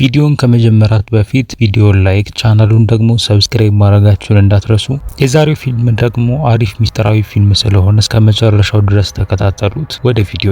ቪዲዮን ከመጀመራት በፊት ቪዲዮ ላይክ ቻናሉን ደግሞ ሰብስክራይብ ማድረጋችሁን እንዳትረሱ። የዛሬው ፊልም ደግሞ አሪፍ ሚስጥራዊ ፊልም ስለሆነ እስከ መጨረሻው ድረስ ተከታተሉት። ወደ ቪዲዮ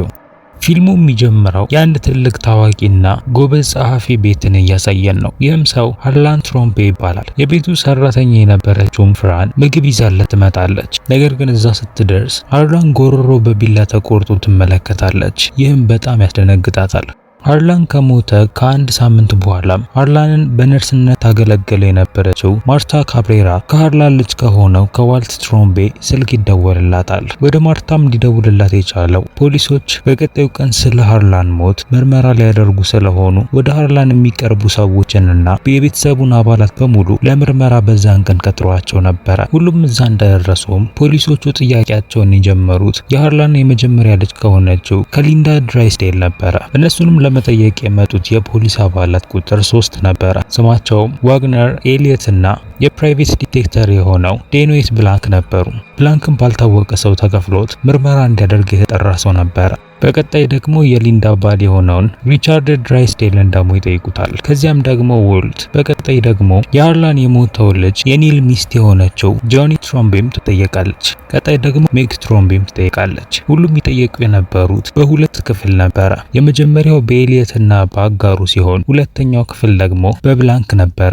ፊልሙ የሚጀምረው የአንድ ትልቅ ታዋቂና ጎበዝ ጸሐፊ ቤትን እያሳየን ነው። ይህም ሰው ሃርላን ትሮምፔ ይባላል። የቤቱ ሰራተኛ የነበረችውን ፍራን ምግብ ይዛለት ትመጣለች። ነገር ግን እዛ ስትደርስ ሃርላን ጎሮሮ በቢላ ተቆርጦ ትመለከታለች። ይህም በጣም ያስደነግጣታል። አርላን ከሞተ ከአንድ ሳምንት በኋላ አርላንን በነርስነት ታገለግል የነበረችው ማርታ ካብሬራ ከአርላን ልጅ ከሆነው ከዋልት ትሮምቤ ስልክ ይደወልላታል። ወደ ማርታም ሊደውልላት የቻለው ፖሊሶች በቀጣዩ ቀን ስለ አርላን ሞት ምርመራ ሊያደርጉ ስለሆኑ ወደ አርላን የሚቀርቡ ሰዎችንና የቤተሰቡን አባላት በሙሉ ለምርመራ በዛን ቀን ቀጥሯቸው ነበረ። ሁሉም እዛ እንደደረሱም ፖሊሶቹ ጥያቄያቸውን የጀመሩት የአርላን የመጀመሪያ ልጅ ከሆነችው ከሊንዳ ድራይስዴል ነበረ። እነሱንም ለመጠየቅ የመጡት የፖሊስ አባላት ቁጥር ሶስት ነበረ። ስማቸውም ዋግነር ኤሊየት እና የፕራይቬት ዲቴክተር የሆነው ዴኖዌት ብላንክ ነበሩ። ብላንክም ባልታወቀ ሰው ተከፍሎት ምርመራ እንዲያደርግ የተጠራ ሰው ነበረ። በቀጣይ ደግሞ የሊንዳ ባል የሆነውን ሪቻርድ ድራይስዴልን ደግሞ ይጠይቁታል። ከዚያም ደግሞ ወልት፣ በቀጣይ ደግሞ የአርላን የሞተው ልጅ የኒል ሚስት የሆነችው ጆኒ ትሮምቢም ትጠየቃለች። ቀጣይ ደግሞ ሜግ ትሮምቢም ትጠየቃለች። ሁሉም ይጠየቁ የነበሩት በሁለት ክፍል ነበረ። የመጀመሪያው በኤሊየትና በአጋሩ ሲሆን ሁለተኛው ክፍል ደግሞ በብላንክ ነበረ።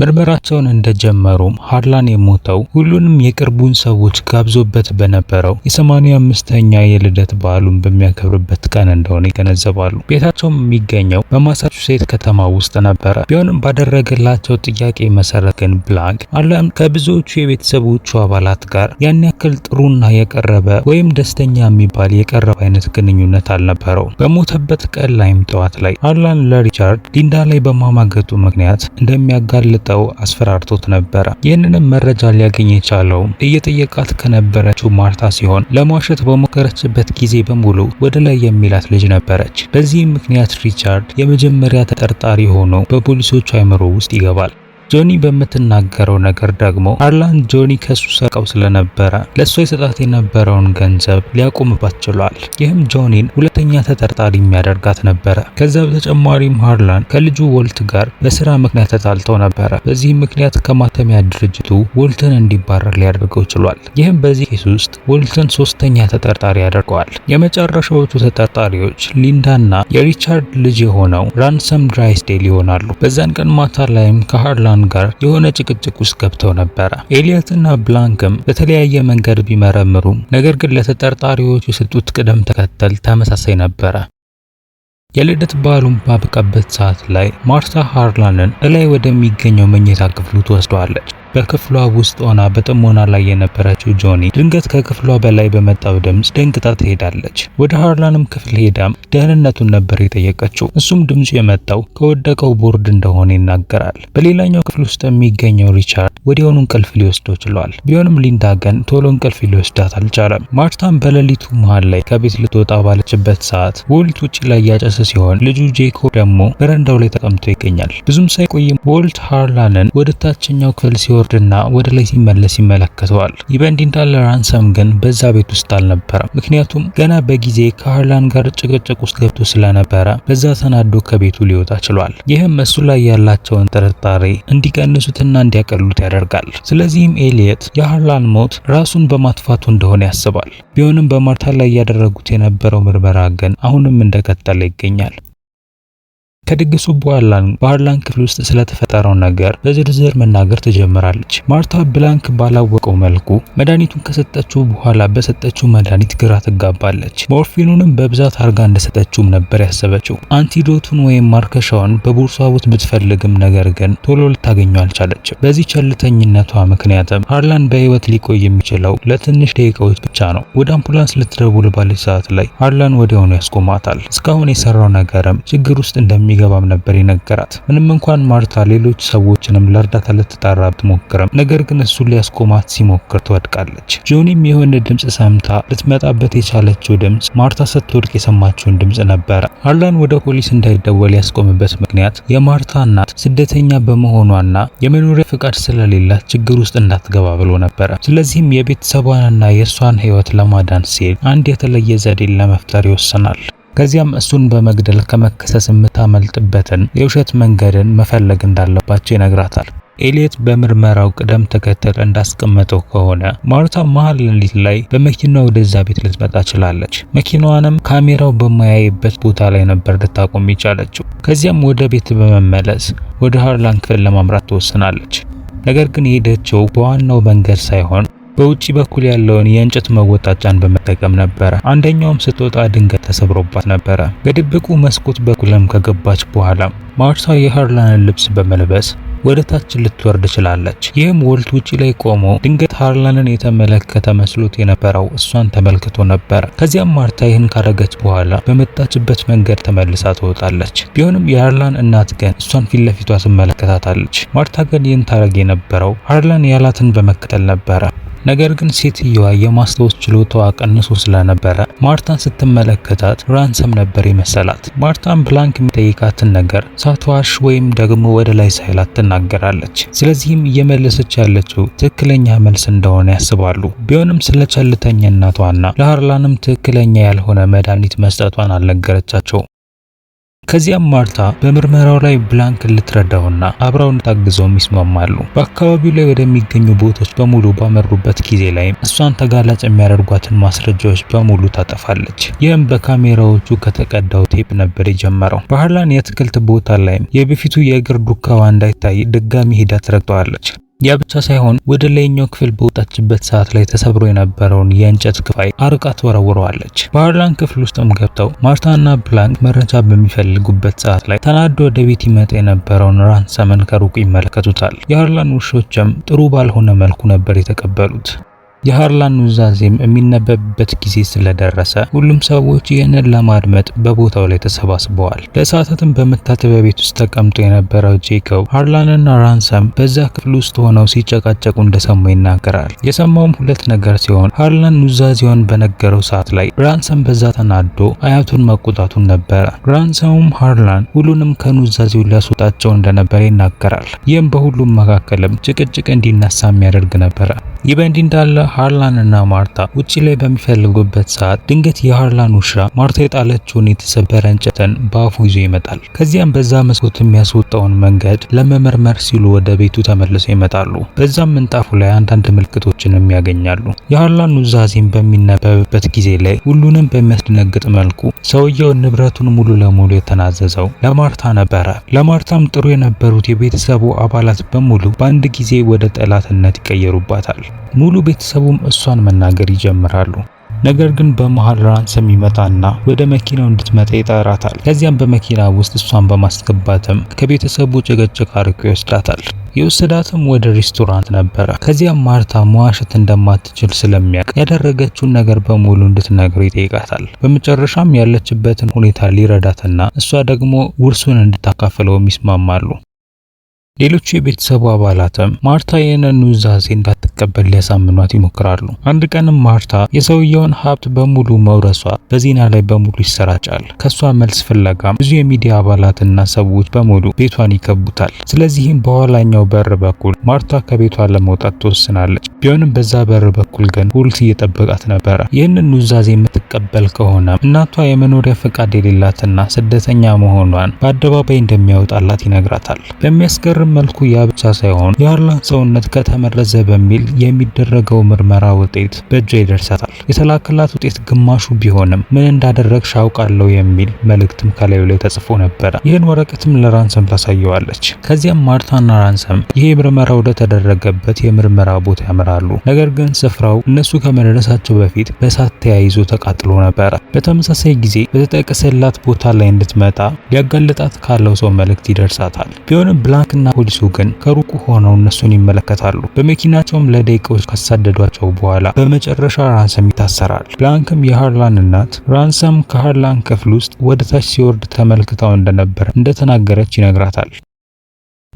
ምርመራቸውን እንደጀመሩም ሃርላን የሞተው ሁሉንም የቅርቡን ሰዎች ጋብዞበት በነበረው የ85ኛ የልደት በዓሉን በሚያከብርበት ቀን እንደሆነ ይገነዘባሉ። ቤታቸውም የሚገኘው በማሳቹሴት ከተማ ውስጥ ነበረ። ቢሆንም ባደረገላቸው ጥያቄ መሰረት ግን ብላንክ ሃርላን ከብዙዎቹ የቤተሰቦቹ አባላት ጋር ያን ያክል ጥሩና የቀረበ ወይም ደስተኛ የሚባል የቀረበ አይነት ግንኙነት አልነበረው። በሞተበት ቀን ላይም ጠዋት ላይ ሃርላን ለሪቻርድ ሊንዳ ላይ በማማገጡ ምክንያት እንደሚያጋልጥ አስቀምጠው አስፈራርቶት ነበረ። ይህንንም መረጃ ሊያገኝ የቻለው እየጠየቃት ከነበረችው ማርታ ሲሆን ለማሸት በሞከረችበት ጊዜ በሙሉ ወደ ላይ የሚላት ልጅ ነበረች። በዚህም ምክንያት ሪቻርድ የመጀመሪያ ተጠርጣሪ ሆኖ በፖሊሶች አይምሮ ውስጥ ይገባል። ጆኒ በምትናገረው ነገር ደግሞ አርላን ጆኒ ከሱ ሰርቀው ስለነበረ ለእሷ የሰጣት የነበረውን ገንዘብ ሊያቆምባት ችሏል። ይህም ጆኒን ሁለተኛ ተጠርጣሪ የሚያደርጋት ነበረ። ከዛ በተጨማሪም ሃርላን ከልጁ ወልት ጋር በስራ ምክንያት ተጣልተው ነበረ። በዚህም ምክንያት ከማተሚያ ድርጅቱ ወልትን እንዲባረር ሊያደርገው ችሏል። ይህም በዚህ ኬስ ውስጥ ወልትን ሶስተኛ ተጠርጣሪ ያደርገዋል። የመጨረሻዎቹ ተጠርጣሪዎች ሊንዳና የሪቻርድ ልጅ የሆነው ራንሰም ድራይስዴል ይሆናሉ። በዛን ቀን ማታ ላይም ከሃርላን ብላን ጋር የሆነ ጭቅጭቅ ውስጥ ገብተው ነበረ። ኤሊየትና ብላንክም በተለያየ መንገድ ቢመረምሩም ነገር ግን ለተጠርጣሪዎች የሰጡት ቅደም ተከተል ተመሳሳይ ነበረ። የልደት በዓሉን ባበቃበት ሰዓት ላይ ማርታ ሃርላንን እላይ ወደሚገኘው መኝታ ክፍሉ ትወስደዋለች። በክፍሏ ውስጥ ሆና በጥሞና ላይ የነበረችው ጆኒ ድንገት ከክፍሏ በላይ በመጣው ድምፅ ደንግጣ ትሄዳለች። ወደ ሃርላንም ክፍል ሄዳም ደህንነቱን ነበር የጠየቀችው። እሱም ድምፁ የመጣው ከወደቀው ቦርድ እንደሆነ ይናገራል። በሌላኛው ክፍል ውስጥ የሚገኘው ሪቻርድ ወዲያውኑ እንቅልፍ ሊወስደው ችሏል። ቢሆንም ሊንዳ ግን ቶሎ እንቅልፍ ሊወስዳት አልቻለም። ማርታም በሌሊቱ መሃል ላይ ከቤት ልትወጣ ባለችበት ሰዓት ወልት ውጭ ላይ ያጨሰ ሲሆን ልጁ ጄኮብ ደግሞ በረንዳው ላይ ተቀምጦ ይገኛል። ብዙም ሳይቆይም ወልት ሃርላንን ወደ ታችኛው ክፍል ሲወ ሲወርድና ወደ ላይ ሲመለስ ይመለከተዋል። ይህ በእንዲህ እንዳለ ራንሰም ግን በዛ ቤት ውስጥ አልነበረም። ምክንያቱም ገና በጊዜ ከሃርላን ጋር ጭቅጭቅ ውስጥ ገብቶ ስለነበረ በዛ ተናዶ ከቤቱ ሊወጣ ችሏል። ይህም እሱ ላይ ያላቸውን ጥርጣሬ እንዲቀንሱትና እንዲያቀሉት ያደርጋል። ስለዚህም ኤሊየት የሃርላን ሞት ራሱን በማጥፋቱ እንደሆነ ያስባል። ቢሆንም በማርታ ላይ ያደረጉት የነበረው ምርመራ ግን አሁንም እንደቀጠለ ይገኛል። ከድግሱ በኋላም በአርላን ክፍል ውስጥ ስለተፈጠረው ነገር በዝርዝር መናገር ትጀምራለች። ማርታ ብላንክ ባላወቀው መልኩ መድኃኒቱን ከሰጠችው በኋላ በሰጠችው መድኃኒት ግራ ትጋባለች። ሞርፊኑንም በብዛት አርጋ እንደሰጠችውም ነበር ያሰበችው። አንቲዶቱን ወይም ማርከሻውን በቦርሷ ውስጥ ብትፈልግም ነገር ግን ቶሎ ልታገኘው አልቻለችም። በዚህ ቸልተኝነቷ ምክንያትም አርላን በህይወት ሊቆይ የሚችለው ለትንሽ ደቂቃዎች ብቻ ነው። ወደ አምቡላንስ ልትደውል ባለች ሰዓት ላይ ሃርላን ወዲያውኑ ያስቆማታል። እስካሁን የሰራው ነገርም ችግር ውስጥ እንደሚ እንደሚገባም ነበር የነገራት። ምንም እንኳን ማርታ ሌሎች ሰዎችንም ለእርዳታ ልትጣራ ብትሞክርም ነገር ግን እሱን ሊያስቆማት ሲሞክር ትወድቃለች። ጆኒም የሆነ ድምፅ ሰምታ ልትመጣበት የቻለችው ድምፅ ማርታ ስትወድቅ የሰማችውን ድምፅ ነበረ። አርላን ወደ ፖሊስ እንዳይደወል ያስቆምበት ምክንያት የማርታ እናት ስደተኛ በመሆኗና የመኖሪያ ፍቃድ ስለሌላት ችግር ውስጥ እንዳትገባ ብሎ ነበረ። ስለዚህም የቤተሰቧንና የእሷን ህይወት ለማዳን ሲል አንድ የተለየ ዘዴን ለመፍጠር ይወስናል። ከዚያም እሱን በመግደል ከመከሰስ የምታመልጥበትን የውሸት መንገድን መፈለግ እንዳለባቸው ይነግራታል። ኤሊየት በምርመራው ቅደም ተከተል እንዳስቀመጠው ከሆነ ማርታ መሀል ሌሊት ላይ በመኪና ወደዛ ቤት ልትመጣ ችላለች። መኪናዋንም ካሜራው በማያይበት ቦታ ላይ ነበር ልታቆም ይቻለችው። ከዚያም ወደ ቤት በመመለስ ወደ ሃርላን ክፍል ለማምራት ትወስናለች። ነገር ግን የሄደችው በዋናው መንገድ ሳይሆን በውጪ በኩል ያለውን የእንጨት መወጣጫን በመጠቀም ነበረ። አንደኛውም ስትወጣ ድንገት ተሰብሮባት ነበረ። በድብቁ መስኮት በኩልም ከገባች በኋላ ማርታ የሃርላንን ልብስ በመልበስ ወደ ታች ልትወርድ ችላለች። ይህም ወልት ውጪ ላይ ቆሞ ድንገት ሃርላንን የተመለከተ መስሎት የነበረው እሷን ተመልክቶ ነበር። ከዚያም ማርታ ይህን ካረገች በኋላ በመጣችበት መንገድ ተመልሳ ትወጣለች። ቢሆንም የሃርላን እናት ግን እሷን ፊት ለፊቷ ትመለከታታለች። ማርታ ግን ይህን ታረግ የነበረው ሃርላን ያላትን በመከተል ነበረ። ነገር ግን ሴትየዋ የማስታወስ ችሎታዋ ቀንሶ ስለነበረ ማርታን ስትመለከታት ራንሰም ነበር የመሰላት። ማርታን ብላንክ የሚጠይቃትን ነገር ሳትዋሽ ወይም ደግሞ ወደ ላይ ሳይላት ትናገራለች። ስለዚህም እየመለሰች ያለችው ትክክለኛ መልስ እንደሆነ ያስባሉ። ቢሆንም ስለ ቸልተኝነቷና ለሃርላንም ትክክለኛ ያልሆነ መድኃኒት መስጠቷን አልነገረቻቸው። ከዚያም ማርታ በምርመራው ላይ ብላንክ ልትረዳውና አብረው እንድታግዘውም ይስማማሉ። በአካባቢው ላይ ወደሚገኙ ቦታዎች በሙሉ ባመሩበት ጊዜ ላይ እሷን ተጋላጭ የሚያደርጓትን ማስረጃዎች በሙሉ ታጠፋለች። ይህም በካሜራዎቹ ከተቀዳው ቴፕ ነበር የጀመረው። በሃርላን የአትክልት ቦታ ላይ የበፊቱ የእግር ዱካዋ እንዳይታይ ድጋሚ ሂዳ ትረግጠዋለች። ያ ብቻ ሳይሆን ወደ ላይኛው ክፍል በወጣችበት ሰዓት ላይ ተሰብሮ የነበረውን የእንጨት ክፋይ አርቃ ትወረውረዋለች። በሃርላን ክፍል ውስጥም ገብተው ማርታና ብላንክ መረጃ በሚፈልጉበት ሰዓት ላይ ተናዶ ወደ ቤት ይመጣ የነበረውን ራንሰምን ከሩቁ ይመለከቱታል። የአርላን ውሾችም ጥሩ ባልሆነ መልኩ ነበር የተቀበሉት። የሃርላን ኑዛዜም የሚነበብበት ጊዜ ስለደረሰ ሁሉም ሰዎች ይህንን ለማድመጥ በቦታው ላይ ተሰባስበዋል። ለሰዓታትም በመታጠቢያ ቤት ውስጥ ተቀምጦ የነበረው ጄኮብ ሃርላንና ራንሰም በዛ ክፍል ውስጥ ሆነው ሲጨቃጨቁ እንደሰሙ ይናገራል። የሰማውም ሁለት ነገር ሲሆን ሃርላን ኑዛዜውን በነገረው ሰዓት ላይ ራንሰም በዛ ተናዶ አያቱን መቆጣቱን ነበረ። ራንሰሙም ሃርላን ሁሉንም ከኑዛዜው ሊያስወጣቸው እንደነበረ ይናገራል። ይህም በሁሉም መካከልም ጭቅጭቅ እንዲነሳ የሚያደርግ ነበረ። ይህ በእንዲህ እንዳለ ሃርላን እና ማርታ ውጭ ላይ በሚፈልጉበት ሰዓት ድንገት የሃርላን ውሻ ማርታ የጣለችውን የተሰበረ እንጨትን በአፉ ይዞ ይመጣል። ከዚያም በዛ መስኮት የሚያስወጣውን መንገድ ለመመርመር ሲሉ ወደ ቤቱ ተመልሰው ይመጣሉ። በዛም ምንጣፉ ላይ አንዳንድ ምልክቶችንም ያገኛሉ። የሃርላን ኑዛዜም በሚነበብበት ጊዜ ላይ ሁሉንም በሚያስደነግጥ መልኩ ሰውየው ንብረቱን ሙሉ ለሙሉ የተናዘዘው ለማርታ ነበረ። ለማርታም ጥሩ የነበሩት የቤተሰቡ አባላት በሙሉ በአንድ ጊዜ ወደ ጠላትነት ይቀየሩባታል። ሙሉ ቤተሰቡም እሷን መናገር ይጀምራሉ። ነገር ግን በመሃል ራንሰም ይመጣና ወደ መኪናው እንድትመጣ ይጠራታል። ከዚያም በመኪና ውስጥ እሷን በማስገባትም ከቤተሰቡ ጭቅጭቅ አርቆ ይወስዳታል። የወሰዳትም ወደ ሬስቶራንት ነበረ። ከዚያም ማርታ መዋሸት እንደማትችል ስለሚያውቅ ያደረገችውን ነገር በሙሉ እንድትነግር ይጠይቃታል። በመጨረሻም ያለችበትን ሁኔታ ሊረዳትና እሷ ደግሞ ውርሱን እንድታካፍለውም ይስማማሉ። ሌሎቹ የቤተሰቡ አባላትም ማርታ ይህንን ኑዛዜን እንዳትቀበል ሊያሳምኗት ይሞክራሉ። አንድ ቀንም ማርታ የሰውየውን ሀብት በሙሉ መውረሷ በዜና ላይ በሙሉ ይሰራጫል። ከሷ መልስ ፍለጋም ብዙ የሚዲያ አባላትና ሰዎች በሙሉ ቤቷን ይከቡታል። ስለዚህም በኋላኛው በር በኩል ማርታ ከቤቷ ለመውጣት ትወስናለች። ቢሆንም በዛ በር በኩል ግን ሁልት እየጠበቃት ነበረ። ይህንን ኑዛዜ የምትቀበል ከሆነ እናቷ የመኖሪያ ፈቃድ የሌላትና ስደተኛ መሆኗን በአደባባይ እንደሚያወጣላት ይነግራታል። በሚያስገርም መልኩ ያ ብቻ ሳይሆን የኋላ ሰውነት ከተመረዘ በሚል የሚደረገው ምርመራ ውጤት በእጇ ይደርሳታል። የተላከላት ውጤት ግማሹ ቢሆንም ምን እንዳደረግሽ አውቃለሁ የሚል መልእክትም ከላዩ ላይ ተጽፎ ነበረ። ይህን ወረቀትም ለራንሰም ታሳየዋለች። ከዚያም ማርታና ራንሰም ይህ ምርመራ ወደ ተደረገበት የምርመራ ቦታ ያምራሉ። ነገር ግን ስፍራው እነሱ ከመድረሳቸው በፊት በእሳት ተያይዞ ተቃጥሎ ነበረ። በተመሳሳይ ጊዜ በተጠቀሰላት ቦታ ላይ እንድትመጣ ሊያጋልጣት ካለው ሰው መልእክት ይደርሳታል። ቢሆንም ብላንክና ፖሊሱ ግን ከሩቁ ሆነው እነሱን ይመለከታሉ። በመኪናቸውም ለደቂቃዎች ካሳደዷቸው በኋላ በመጨረሻ ራንሰም ይታሰራል። ብላንክም የሃርላን እናት ራንሰም ከሃርላን ክፍል ውስጥ ወደ ታች ሲወርድ ተመልክታው እንደነበረ እንደተናገረች ይነግራታል።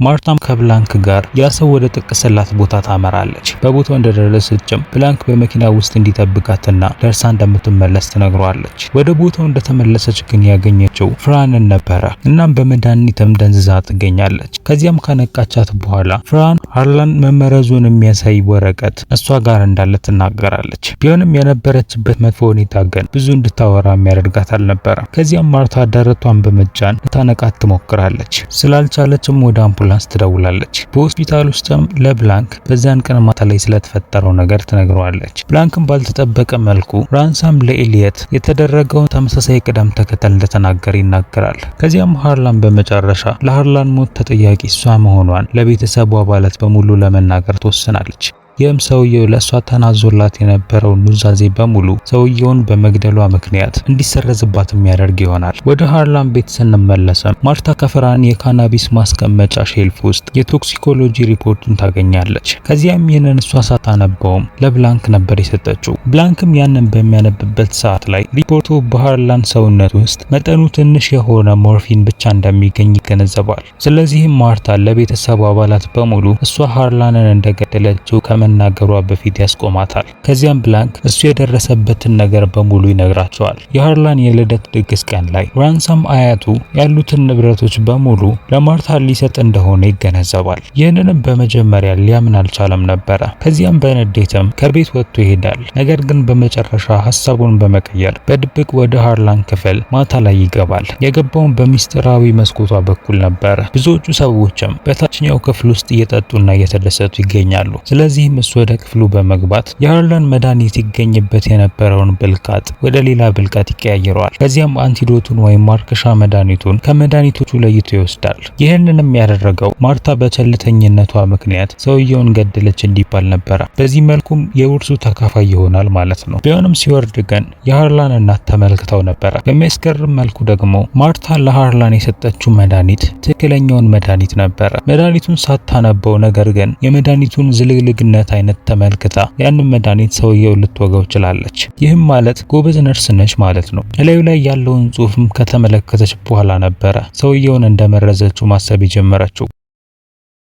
ማርታም ከብላንክ ጋር ያ ሰው ወደ ጠቀሰላት ቦታ ታመራለች። በቦታው እንደደረሰችም ብላንክ በመኪና ውስጥ እንዲጠብቃትና ደርሳ እንደምትመለስ ትነግሯለች። ወደ ቦታው እንደተመለሰች ግን ያገኘችው ፍራንን ነበረ። እናም በመድኃኒትም ደንዝዛ ትገኛለች። ከዚያም ከነቃቻት በኋላ ፍራን ሃርላን መመረዙን የሚያሳይ ወረቀት እሷ ጋር እንዳለ ትናገራለች። ቢሆንም የነበረችበት መጥፎ ሁኔታ ግን ብዙ እንድታወራ የሚያደርጋት አልነበረ። ከዚያም ማርታ ደረቷን በመጫን ልታነቃት ትሞክራለች። ስላልቻለችም ወደ አምቡላንስ ትደውላለች። በሆስፒታል ውስጥም ለብላንክ በዚያን ቀን ማታ ላይ ስለተፈጠረው ነገር ትነግረዋለች። ብላንክም ባልተጠበቀ መልኩ ራንሳም ለኤልየት የተደረገውን ተመሳሳይ ቅደም ተከተል እንደተናገረ ይናገራል። ከዚያም ሃርላን በመጨረሻ ለሃርላን ሞት ተጠያቂ እሷ መሆኗን ለቤተሰቡ አባላት በሙሉ ለመናገር ትወስናለች። ይህም ሰውየው ለእሷ ተናዞላት የነበረውን ኑዛዜ በሙሉ ሰውየውን በመግደሏ ምክንያት እንዲሰረዝባት የሚያደርግ ይሆናል። ወደ ሃርላን ቤት ስንመለስም ማርታ ከፈራን የካናቢስ ማስቀመጫ ሼልፍ ውስጥ የቶክሲኮሎጂ ሪፖርቱን ታገኛለች። ከዚያም ይህንን እሷ ሳታነበውም ለብላንክ ነበር የሰጠችው። ብላንክም ያንን በሚያነብበት ሰዓት ላይ ሪፖርቱ በሃርላን ሰውነት ውስጥ መጠኑ ትንሽ የሆነ ሞርፊን ብቻ እንደሚገኝ ይገነዘባል። ስለዚህም ማርታ ለቤተሰቡ አባላት በሙሉ እሷ ሃርላንን እንደገደለችው ከመ ከመናገሯ በፊት ያስቆማታል። ከዚያም ብላንክ እሱ የደረሰበትን ነገር በሙሉ ይነግራቸዋል። የሃርላን የልደት ድግስ ቀን ላይ ራንሰም አያቱ ያሉትን ንብረቶች በሙሉ ለማርታ ሊሰጥ እንደሆነ ይገነዘባል። ይህንንም በመጀመሪያ ሊያምን አልቻለም ነበረ። ከዚያም በንዴትም ከቤት ወጥቶ ይሄዳል። ነገር ግን በመጨረሻ ሀሳቡን በመቀየር በድብቅ ወደ ሃርላን ክፍል ማታ ላይ ይገባል። የገባውን በሚስጥራዊ መስኮቷ በኩል ነበረ። ብዙዎቹ ሰዎችም በታችኛው ክፍል ውስጥ እየጠጡና እየተደሰቱ ይገኛሉ። ስለዚህም እሱ ወደ ክፍሉ በመግባት የሃርላን መድኃኒት ይገኝበት የነበረውን ብልቃጥ ወደ ሌላ ብልቃጥ ይቀያይረዋል። ከዚያም አንቲዶቱን ወይም ማርከሻ መድኃኒቱን ከመድኃኒቶቹ ለይቶ ይወስዳል። ይህንንም ያደረገው ማርታ በቸልተኝነቷ ምክንያት ሰውየውን ገደለች እንዲባል ነበረ። በዚህ መልኩም የውርሱ ተካፋይ ይሆናል ማለት ነው። ቢሆንም ሲወርድ ግን የሃርላን እናት ተመልክተው ነበረ። በሚያስገርም መልኩ ደግሞ ማርታ ለሃርላን የሰጠችው መድኃኒት ትክክለኛውን መድኃኒት ነበረ። መድኃኒቱን ሳታነበው ነገር ግን የመድኃኒቱን ዝልግልግነት የመድኃኒት አይነት ተመልክታ ያንን መድኃኒት ሰውየው ልትወገው ችላለች። ይህም ማለት ጎበዝ ነርስ ነች ማለት ነው። እላዩ ላይ ያለውን ጽሁፍም ከተመለከተች በኋላ ነበረ ሰውየውን እንደመረዘችው ማሰብ የጀመረችው።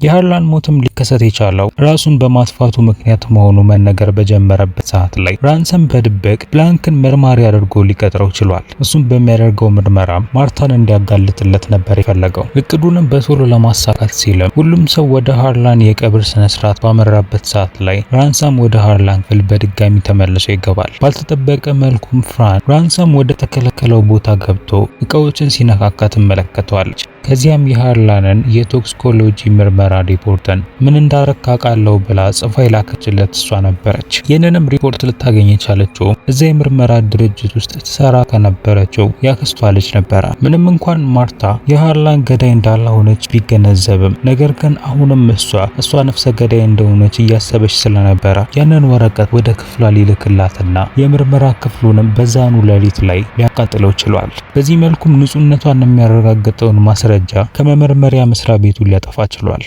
የሃርላን ሞትም ሊከሰት የቻለው ራሱን በማጥፋቱ ምክንያት መሆኑ መነገር በጀመረበት ሰዓት ላይ ራንሰም በድብቅ ብላንክን መርማሪ አድርጎ ሊቀጥረው ችሏል። እሱም በሚያደርገው ምርመራ ማርታን እንዲያጋልጥለት ነበር የፈለገው። እቅዱንም በቶሎ ለማሳካት ሲልም ሁሉም ሰው ወደ ሃርላን የቀብር ስነስርዓት ባመራበት ሰዓት ላይ ራንሰም ወደ ሃርላን ክፍል በድጋሚ ተመልሶ ይገባል። ባልተጠበቀ መልኩም ፍራን ራንሰም ወደ ተከለከለው ቦታ ገብቶ እቃዎችን ሲነካካ ትመለከተዋለች። ከዚያም የሃርላንን የቶክሲኮሎጂ ምርመራ ምርመራ ሪፖርትን ምን እንዳረካ ቃለው ብላ ጽፋ የላከችለት እሷ ነበረች። ይህንንም ሪፖርት ልታገኝ የቻለችው እዚያ የምርመራ ድርጅት ውስጥ ትሰራ ከነበረችው ያክስቷ ልጅ ነበረ። ምንም እንኳን ማርታ የሃርላን ገዳይ እንዳልሆነች ቢገነዘብም ነገር ግን አሁንም እሷ እሷ ነፍሰ ገዳይ እንደሆነች እያሰበች ስለነበረ ያንን ወረቀት ወደ ክፍሏ ሊልክላትና የምርመራ ክፍሉንም በዛኑ ሌሊት ላይ ሊያቃጥለው ችሏል። በዚህ መልኩም ንጹህነቷን የሚያረጋግጠውን ማስረጃ ከመመርመሪያ መስሪያ ቤቱ ሊያጠፋ ችሏል።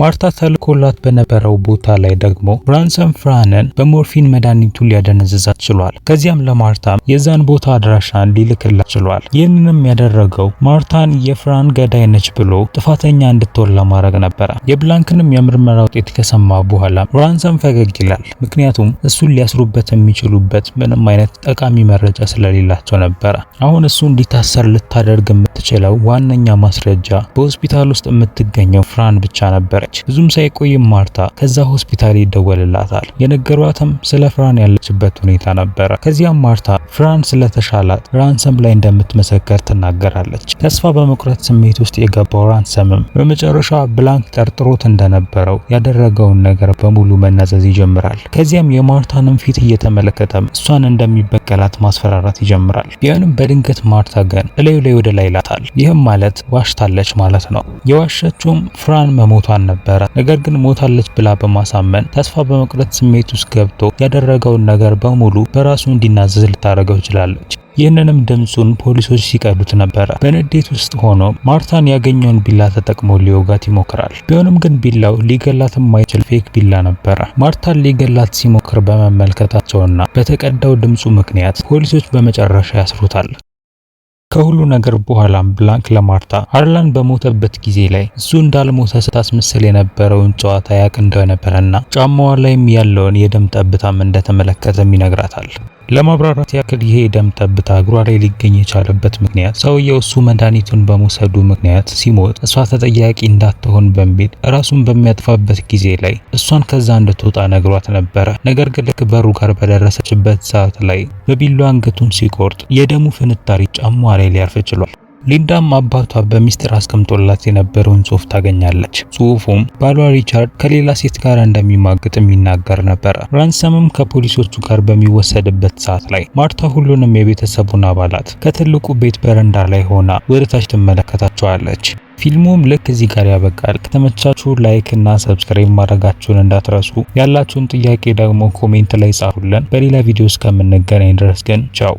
ማርታ ተልኮላት በነበረው ቦታ ላይ ደግሞ ራንሰም ፍርሃንን በሞርፊን መድኃኒቱ ሊያደነዝዛት ችሏል። ከዚያም ለማርታ የዛን ቦታ አድራሻን ሊልክላት ችሏል። ይህንንም ያደረገው ማርታን የፍራን ገዳይ ነች ብሎ ጥፋተኛ እንድትሆን ለማድረግ ነበረ። የብላንክንም የምርመራ ውጤት ከሰማ በኋላ ራንሰም ፈገግ ይላል። ምክንያቱም እሱን ሊያስሩበት የሚችሉበት ምንም አይነት ጠቃሚ መረጃ ስለሌላቸው ነበረ። አሁን እሱ እንዲታሰር ልታደርግ የምትችለው ዋነኛ ማስረጃ በሆስፒታል ውስጥ የምትገኘው ፍራን ብቻ ነበር። ነበረች። ብዙም ሳይቆይም ማርታ ከዛ ሆስፒታል ይደወልላታል። የነገሯትም ስለ ፍራን ያለችበት ሁኔታ ነበረ። ከዚያም ማርታ ፍራን ስለተሻላት ራንሰም ላይ እንደምትመሰከር ትናገራለች። ተስፋ በመቁረጥ ስሜት ውስጥ የገባው ራንሰምም በመጨረሻ ብላንክ ጠርጥሮት እንደነበረው ያደረገውን ነገር በሙሉ መናዘዝ ይጀምራል። ከዚያም የማርታንም ፊት እየተመለከተም እሷን እንደሚበቀላት ማስፈራራት ይጀምራል። ቢሆንም በድንገት ማርታ ግን እላዩ ላይ ወደ ላይ ይላታል። ይህም ማለት ዋሽታለች ማለት ነው። የዋሸችውም ፍራን መሞቷን ነበረ። ነገር ግን ሞታለች ብላ በማሳመን ተስፋ በመቁረጥ ስሜት ውስጥ ገብቶ ያደረገውን ነገር በሙሉ በራሱ እንዲናዘዝ ልታደርገው ችላለች። ይህንንም ድምፁን ፖሊሶች ሲቀዱት ነበረ። በንዴት ውስጥ ሆኖ ማርታን ያገኘውን ቢላ ተጠቅሞ ሊወጋት ይሞክራል። ቢሆንም ግን ቢላው ሊገላት የማይችል ፌክ ቢላ ነበረ። ማርታን ሊገላት ሲሞክር በመመልከታቸውና በተቀዳው ድምፁ ምክንያት ፖሊሶች በመጨረሻ ያስሩታል። ከሁሉ ነገር በኋላም ብላንክ ለማርታ አርላን በሞተበት ጊዜ ላይ እሱ እንዳልሞተ ስታስመስል የነበረውን ጨዋታ ያቅ እንደነበረና ጫማዋ ላይም ያለውን የደም ጠብታም እንደተመለከተም ይነግራታል። ለማብራራት ያክል ይሄ ደም ጠብታ እግሯ ላይ ሊገኝ የቻለበት ምክንያት ሰውየው እሱ መድኃኒቱን በመውሰዱ ምክንያት ሲሞት እሷ ተጠያቂ እንዳትሆን በሚል እራሱን በሚያጥፋበት ጊዜ ላይ እሷን ከዛ እንድትወጣ ነግሯት ነበረ። ነገር ግን ልክ በሩ ጋር በደረሰችበት ሰዓት ላይ በቢሉ አንገቱን ሲቆርጥ የደሙ ፍንጣሪ ጫሟ ላይ ሊያርፍ ችሏል። ሊንዳም አባቷ በሚስጥር አስቀምጦላት የነበረውን ጽሁፍ ታገኛለች። ጽሁፉም ባሏ ሪቻርድ ከሌላ ሴት ጋር እንደሚማግጥም ይናገር ነበረ። ራንሰምም ከፖሊሶቹ ጋር በሚወሰድበት ሰዓት ላይ ማርታ ሁሉንም የቤተሰቡን አባላት ከትልቁ ቤት በረንዳ ላይ ሆና ወደታች ትመለከታቸዋለች። ፊልሙም ልክ እዚህ ጋር ያበቃል። ከተመቻችሁ ላይክ እና ሰብስክራይብ ማድረጋችሁን እንዳትረሱ። ያላችሁን ጥያቄ ደግሞ ኮሜንት ላይ ጻፉልን። በሌላ ቪዲዮ እስከምንገናኝ ድረስ ግን ቻው።